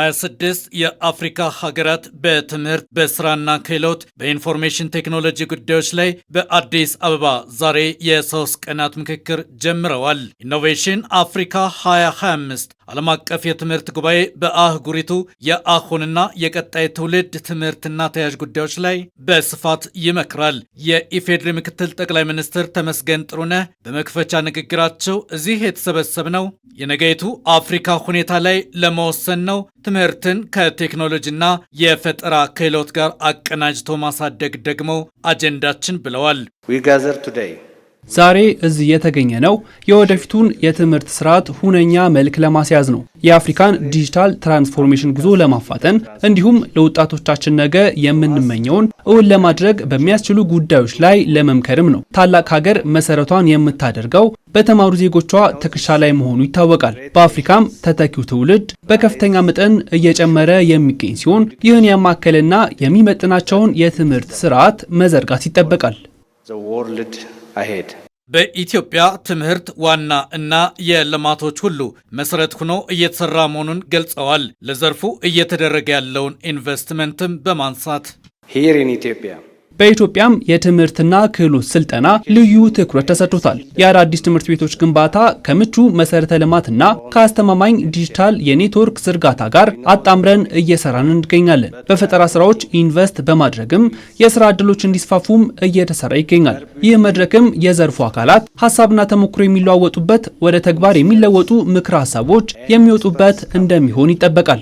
26 የአፍሪካ ሀገራት በትምህርት በስራና ክህሎት በኢንፎርሜሽን ቴክኖሎጂ ጉዳዮች ላይ በአዲስ አበባ ዛሬ የሶስት ቀናት ምክክር ጀምረዋል። ኢኖቬሽን አፍሪካ 2025 ዓለም አቀፍ የትምህርት ጉባኤ በአህጉሪቱ የአሁንና የቀጣይ ትውልድ ትምህርትና ተያያዥ ጉዳዮች ላይ በስፋት ይመክራል። የኢፌድሪ ምክትል ጠቅላይ ሚኒስትር ተመስገን ጥሩነህ በመክፈቻ ንግግራቸው እዚህ የተሰበሰብነው የነገይቱ አፍሪካ ሁኔታ ላይ ለመወሰን ነው። ትምህርትን ከቴክኖሎጂና የፈጠራ ክህሎት ጋር አቀናጅቶ ማሳደግ ደግሞ አጀንዳችን ብለዋል። ዊ ጋዘር ቱዴይ ዛሬ እዚህ የተገኘ ነው የወደፊቱን የትምህርት ስርዓት ሁነኛ መልክ ለማስያዝ ነው፣ የአፍሪካን ዲጂታል ትራንስፎርሜሽን ጉዞ ለማፋጠን እንዲሁም ለወጣቶቻችን ነገ የምንመኘውን እውን ለማድረግ በሚያስችሉ ጉዳዮች ላይ ለመምከርም ነው። ታላቅ ሀገር መሰረቷን የምታደርገው በተማሩ ዜጎቿ ትከሻ ላይ መሆኑ ይታወቃል። በአፍሪካም ተተኪው ትውልድ በከፍተኛ መጠን እየጨመረ የሚገኝ ሲሆን ይህን ያማከልና የሚመጥናቸውን የትምህርት ስርዓት መዘርጋት ይጠበቃል። በኢትዮጵያ ትምህርት ዋና እና የልማቶች ሁሉ መሰረት ሆኖ እየተሰራ መሆኑን ገልጸዋል። ለዘርፉ እየተደረገ ያለውን ኢንቨስትመንትም በማንሳት ሂር ኢን ኢትዮጵያ በኢትዮጵያም የትምህርትና ክህሎት ስልጠና ልዩ ትኩረት ተሰጥቶታል። የአዳዲስ ትምህርት ቤቶች ግንባታ ከምቹ መሰረተ ልማትና ከአስተማማኝ ዲጂታል የኔትወርክ ዝርጋታ ጋር አጣምረን እየሰራን እንገኛለን። በፈጠራ ስራዎች ኢንቨስት በማድረግም የስራ ዕድሎች እንዲስፋፉም እየተሰራ ይገኛል። ይህ መድረክም የዘርፉ አካላት ሀሳብና ተሞክሮ የሚለዋወጡበት፣ ወደ ተግባር የሚለወጡ ምክረ ሀሳቦች የሚወጡበት እንደሚሆን ይጠበቃል።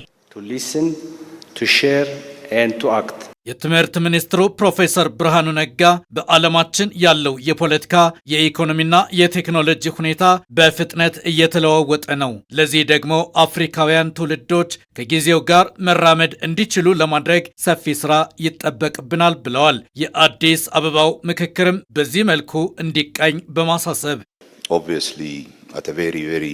የትምህርት ሚኒስትሩ ፕሮፌሰር ብርሃኑ ነጋ በዓለማችን ያለው የፖለቲካ የኢኮኖሚና የቴክኖሎጂ ሁኔታ በፍጥነት እየተለዋወጠ ነው። ለዚህ ደግሞ አፍሪካውያን ትውልዶች ከጊዜው ጋር መራመድ እንዲችሉ ለማድረግ ሰፊ ስራ ይጠበቅብናል ብለዋል። የአዲስ አበባው ምክክርም በዚህ መልኩ እንዲቃኝ በማሳሰብ ኦብቪየስሊ አት ቨሪ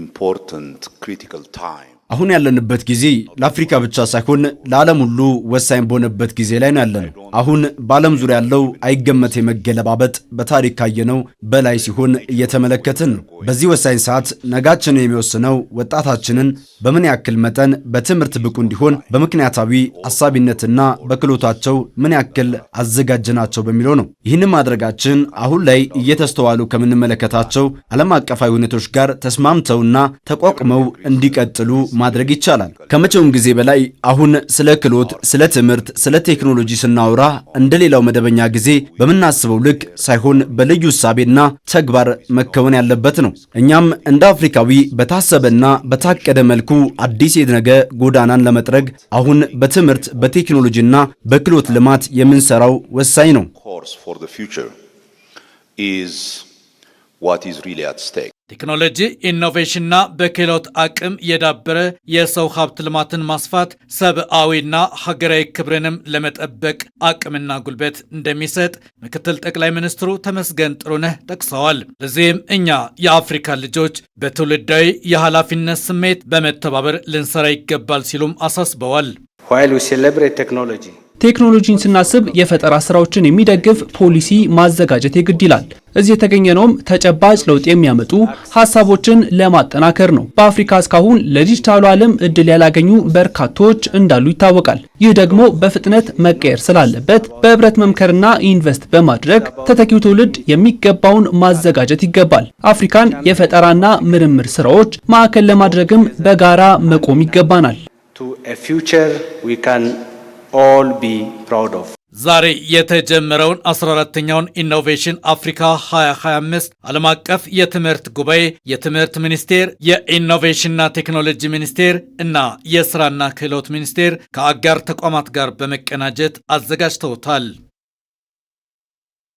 ኢምፖርታንት ክሪቲካል ታይም አሁን ያለንበት ጊዜ ለአፍሪካ ብቻ ሳይሆን ለዓለም ሁሉ ወሳኝ በሆነበት ጊዜ ላይ ነው ያለነው። አሁን በዓለም ዙሪያ ያለው አይገመት የመገለባበጥ በታሪክ ካየነው በላይ ሲሆን እየተመለከትን ነው። በዚህ ወሳኝ ሰዓት ነጋችንን የሚወስነው ወጣታችንን በምን ያክል መጠን በትምህርት ብቁ እንዲሆን በምክንያታዊ አሳቢነትና በክሎታቸው ምን ያክል አዘጋጀናቸው በሚለው ነው። ይህን ማድረጋችን አሁን ላይ እየተስተዋሉ ከምንመለከታቸው ዓለም አቀፋዊ ሁኔታዎች ጋር ተስማምተውና ተቋቁመው እንዲቀጥሉ ማድረግ ይቻላል። ከመቼውም ጊዜ በላይ አሁን ስለ ክህሎት፣ ስለ ትምህርት፣ ስለ ቴክኖሎጂ ስናወራ እንደሌላው መደበኛ ጊዜ በምናስበው ልክ ሳይሆን በልዩ እሳቤና ተግባር መከወን ያለበት ነው። እኛም እንደ አፍሪካዊ በታሰበና በታቀደ መልኩ አዲስ የነገ ጎዳናን ለመጥረግ አሁን በትምህርት በቴክኖሎጂና በክህሎት ልማት የምንሰራው ወሳኝ ነው። ዋት ኢዝ ሪሊ አት ስቴክ ቴክኖሎጂ ኢኖቬሽንና በክህሎት አቅም የዳበረ የሰው ሀብት ልማትን ማስፋት ሰብአዊና ሀገራዊ ክብርንም ለመጠበቅ አቅምና ጉልበት እንደሚሰጥ ምክትል ጠቅላይ ሚኒስትሩ ተመስገን ጥሩነህ ጠቅሰዋል። ለዚህም እኛ የአፍሪካ ልጆች በትውልዳዊ የኃላፊነት ስሜት በመተባበር ልንሰራ ይገባል ሲሉም አሳስበዋል። ዋይል ዊ ሴሌብሬት ቴክኖሎጂ ቴክኖሎጂን ስናስብ የፈጠራ ስራዎችን የሚደግፍ ፖሊሲ ማዘጋጀት የግድ ይላል። እዚህ የተገኘነውም ተጨባጭ ለውጥ የሚያመጡ ሀሳቦችን ለማጠናከር ነው። በአፍሪካ እስካሁን ለዲጂታሉ ዓለም እድል ያላገኙ በርካቶች እንዳሉ ይታወቃል። ይህ ደግሞ በፍጥነት መቀየር ስላለበት በህብረት መምከርና ኢንቨስት በማድረግ ተተኪው ትውልድ የሚገባውን ማዘጋጀት ይገባል። አፍሪካን የፈጠራና ምርምር ስራዎች ማዕከል ለማድረግም በጋራ መቆም ይገባናል። all ዛሬ የተጀመረውን 14ተኛውን ኢኖቬሽን አፍሪካ 2025 ዓለም አቀፍ የትምህርት ጉባኤ የትምህርት ሚኒስቴር፣ የኢኖቬሽንና ቴክኖሎጂ ሚኒስቴር እና የስራና ክህሎት ሚኒስቴር ከአጋር ተቋማት ጋር በመቀናጀት አዘጋጅተውታል።